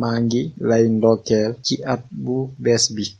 maa ngi lay ndokkeel ci at bu bees bi